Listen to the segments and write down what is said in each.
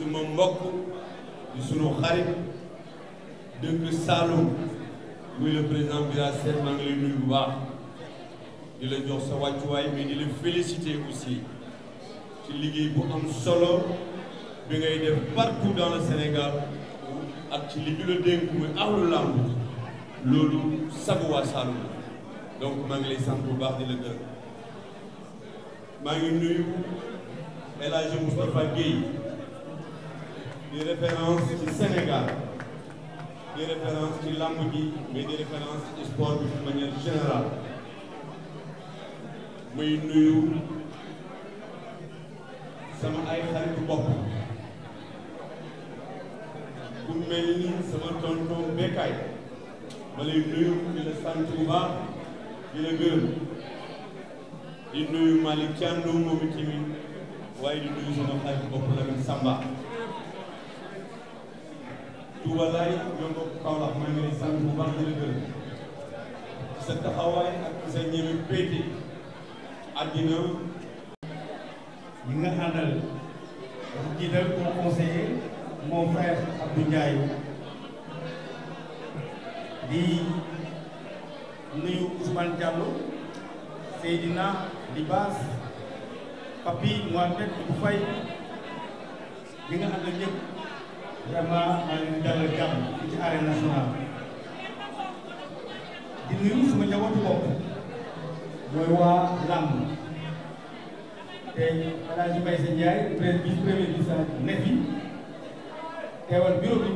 suma mbokk di sunu xarit dëkk Saloum muy le président Bira Sène maa ngi lay nuyu bu baax di la jox sa wàccuwaay mais di la féliciter aussi ci liggéey bu am solo bi ngay def partout dans le Sénégal ak ci li ñu la dénk muy ahlu làmb loolu sagu waa Saloum donc maa ngi lay sant bu baax di la gërëm maa ngi nuyu El Hadj Moustapha di référence ci Sénégal di référence ci làmb ji mais di référence sport bi de manière générale nuyu sama ay xaritu bopp ku mel ni sama tonton Bekkaay ma lay nuyu di la sant bu la gërëm di nuyu Malick Thiandoum moom itamit waaye di nuyu sama xaritu bopp Lamine Samba Touba Laye ñoom bokk Kaolack maa ngi lay baax di la sa taxawaay ak sa ñeme péete àddina ñi nga àndal dafa jiital mon conseiller mon frère Abdou Ndiaye di nuyu Ousmane Diallo Seydina Libaas Papi Mohamed bu Faye li nga àndal ñëpp vraiment maa ngi dalal jàmm ci arène nationale di nuyu suma njabootu bopp mooy waa làmb te El Hadj Mbaye Sa Ndiaye ne fi teewal bureau bi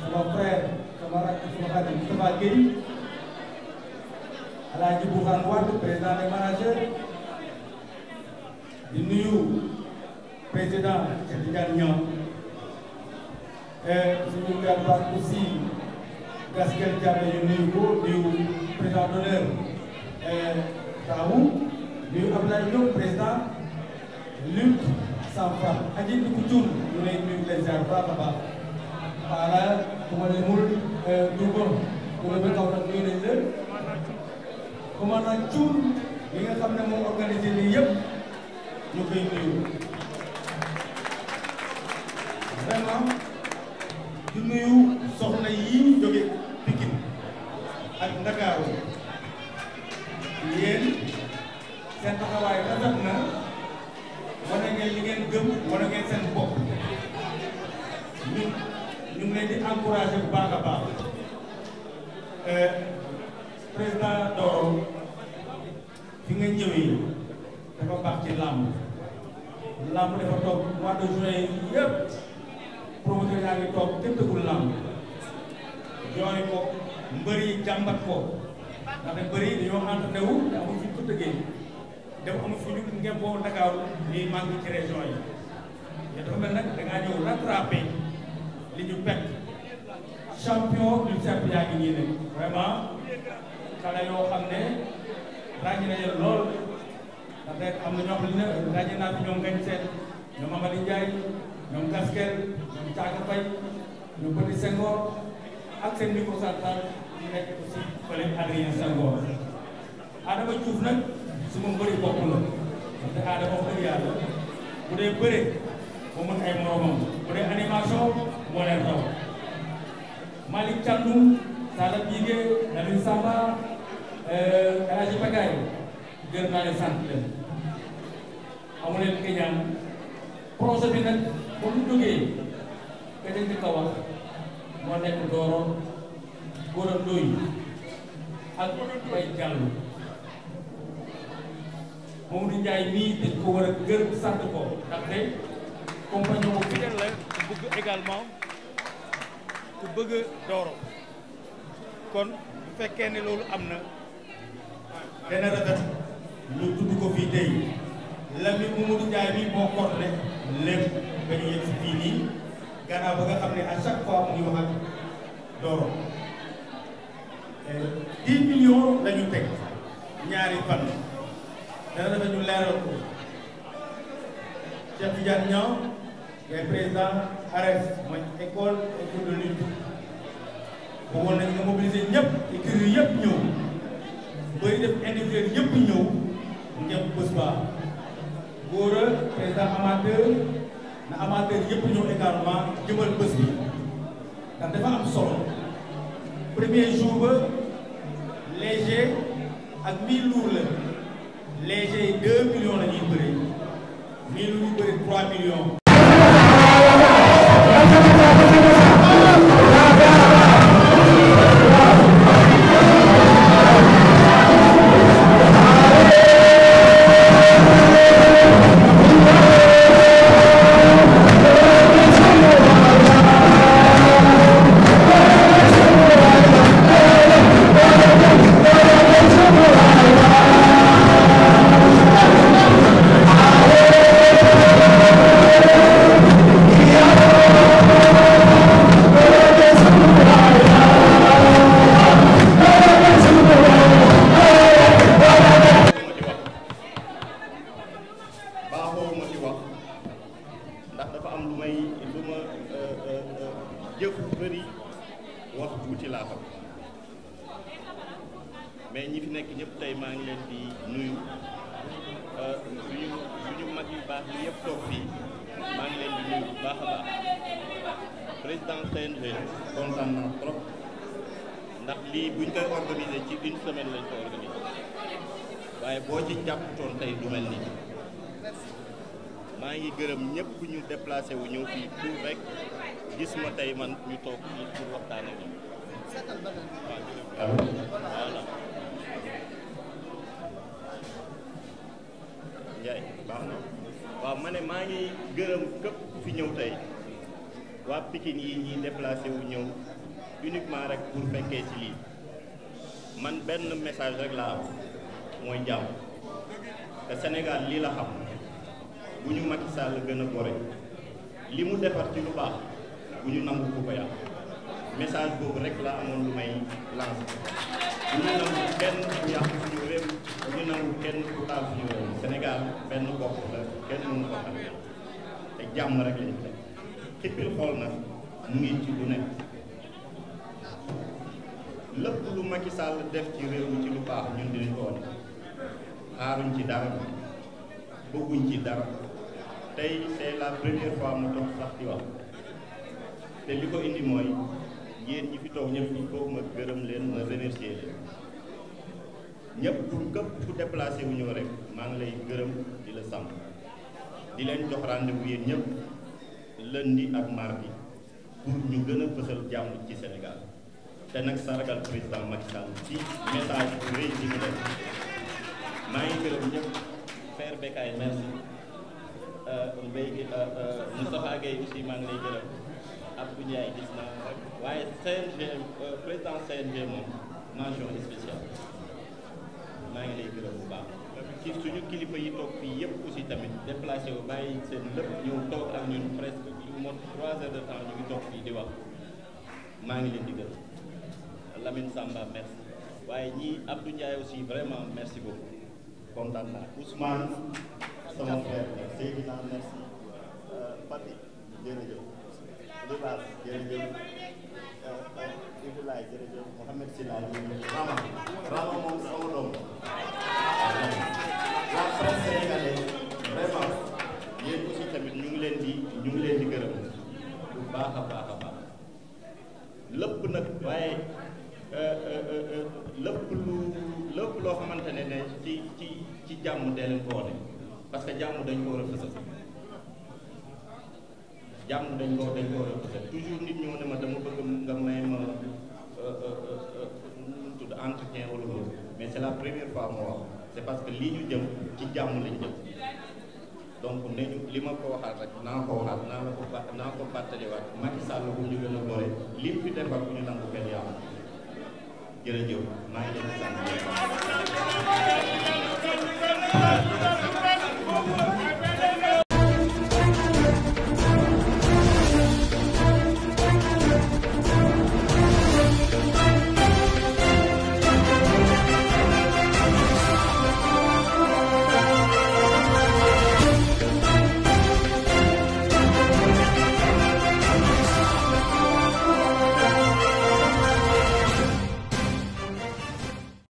sama frère sama rakk sama xarit Moustapha Gueye El Hadj Bourkhane Wade président des managers suñu jarbaat aussi Gaskel Diagne ñu nuyu ko nuyu président d'honneur Taabou nuyu Abdoulaye Diop président lutte sans frappe aji di ko jur ñu lay nuyu les jaar baax a baax xaaral ku ma demul Ndouga Ndouga bi kaw nag nuyu nañ la commandant Thiour mi nga xam ne moo organisé lii yëpp ñu koy nuyu vraiment di nuyu soxna yi jóge Pikine ak Ndakaaru yéen seen taxawaay rafet na wane ngeen li ngeen gëm wane ngeen seen bopp ñun ñu ngi leen di encouragé bu baax a baax euh, président Doro fi nga ñëwee dafa baax ci làmb làmb dafa toog mois de juin yëpp promoteur yaa ngi toog kenn dëggul làmb jooy ko mbër yi jàmbat ko ndax ne mbër yi dañoo entraîné wu te amul fi ñu ko tëggee dem amul fi ñu ngeen boo Dakar nii ci région yi mais dafa mel nag da ngaa ñëw rattrapé li ñu pet champion du cercle yaa ngi nii ne vraiment xale yoo xam ne ràññi am na naa fi ñoom Ngañ Seet ñoom Amady Ndiaye ñoom di Thiaka Faye ñu bëri Senghor ak seen microcentral ñu nekk aussi fële Adrien Senghor Adama Diouf nag su ma mbëri bopp la te Adama wax dëgg yàlla bu bëre moo mën ay moromam bu dee animation moo leen raw Malick Thiandoum Sala Bigué Lamine Samba euh, El Hadji Pagaye gën naa leen sant leen leen ki ñaan bi nag ba mu jógee ki ñu njëkk a wax moo nekk Doro Gora Ndoye ak Mbaye Diallo Mamadou Ndiaye nii dañ ko war a gërëm sant ko ndax tey compagnon bu fidèle la ku bëgg également ku bëgg Doro kon bu fekkee ne loolu am na dana rafet ñu tudd ko fii tey la mi Mamadou Ndiaye mii moo korte lépp ba ñu yegg fii nii gannaaw ba nga xam ne à chaque fois mu ngi wax ak Doro ñu teg ñaari fan dana dafa ñu leeral ko Cheikh Tidiane Niang ngay président ARES mooy école école de lutte bëggoon nañ nga mobiliser ñëpp écurie ñëw booy def individuel yëpp ñëw ñëpp bés ba góor président amateur na amateur yëpp ñëw également jëmal bés bi ndax dafa am solo jour ba léger ak mille lourds la léger yi deux millions la bëree mille lourds bëri trois millions wax tuuti laa xam mais ñi fi nekk ñëpp tey maa ngi leen di nuyu euh, suñu suñu mag yu baax yi yëpp toog fii maa ngi leen di nuyu bu baax a baax président CNG kontaan na trop ndax lii buñ koy organisé ci une semaine lañ ko organisé waaye boo ci jàpputoon tey du mel nii maa ngi gërëm ñëpp ñu déplacé wu ñëw fii tout rek. gis ma tey man ñu toog fii pour waxtaan ak waaw ma ne maa ngi gërëm képp fi ñëw tey waa Pikine yi ñuy déplacé ñëw uniquement rek pour fekkee ci lii man benn message rek la am mooy jàmm te Sénégal lii la xam bu ñu Macky gën a gore li mu defar ci lu baax. bu ñu nangu ku ko yàq message boobu rek la amoon lu may lancé bu ñu nangu kenn ku yàq suñu ñu nangu kenn ku taal suñu Sénégal benn bopp la kenn mënu ko xam te jàmm rek lañu teg xippil xool nag mu ngi ci lu nekk lépp lu Macky Sall def ci réew mi ci lu baax ñun dinañ ko wane xaaruñ ci dara bëgguñ ci dara tey c'est la première fois mu toog sax di wax te li ko indi mooy yéen ñi fi toog ñëpp il faut gërëm leen ma remercier leen ñëpp pour képp wu ñëw rek maa ngi lay gërëm di la sant di leen jox rendez-vous yéen ñëpp lundi ak mardi pour ñu gën a fësal jàmm ci senegal te nag sargal président Macky Sall ci message bu rëy bi mu maa ngi gërëm ñëpp Père Bécaye merci euh, Mbaye euh, euh, Moustapha Gueye aussi maa ngi lay gërëm. Abdou Ndiaye gis naa waaye CNG euh, président CNG moom mention spéciale maa ngi lay gërëm bu baax ci suñu kilifa yi toog fii yëpp si tamit déplacé wu bàyyi seen lépp ñëw toog ak ñun presque lu mot trois heures de temps ñu ngi toog fii di wax maa ngi leen di gërëm Lamine Samba merci waaye ñii Abdou Ndiaye aussi vraiment merci beaucoup kontaan naa Ousmane sama frère Seydina merci euh, Fatick jërëjëf lépp loo xamante ne ne ci ci ci jàmm dee leen ko wane parce que jàmm dañ ko war a fësal jàmm dañ koo dañ koo yokk toujours nit ñoo ne ma dama bëgg nga may ma euh, euh, euh, tudd entretien wala loolu mais c'est la première fois moo wax c'est parce que lii ñu jëm ci jàmm lañ jëm donc nañu li ma ko waxaat rek naa ko waxaat naa la ko ba naa ko gën a boole lim fi defar bu ñu nangu kenn yàlla jërëjëf maa ngi leen di sant